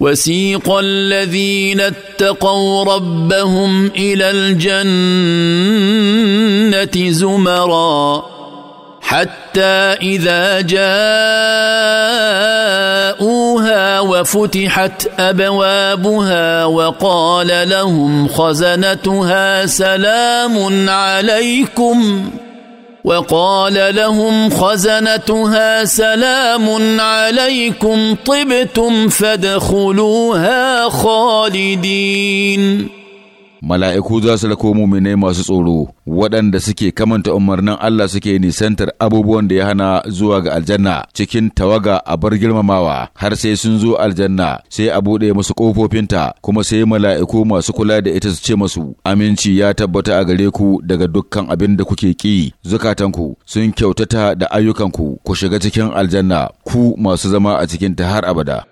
وسيق الذين اتقوا ربهم الى الجنه زمرا حتى اذا جاءوها وفتحت ابوابها وقال لهم خزنتها سلام عليكم وقال لهم خزنتها سلام عليكم طبتم فادخلوها خالدين mala'iku za su rako muminai masu tsoro waɗanda suke kamanta umarnin Allah suke nisantar abubuwan da ya hana zuwa ga aljanna cikin tawaga a bar girmamawa har sai sun zo aljanna sai a buɗe masu ƙofofinta kuma sai mala'iku masu kula da ita su ce masu aminci ya tabbata a gare ku daga dukkan abin da kuke ƙi zukatanku sun kyautata da ayyukanku ku shiga cikin aljanna ku masu zama a cikinta har abada.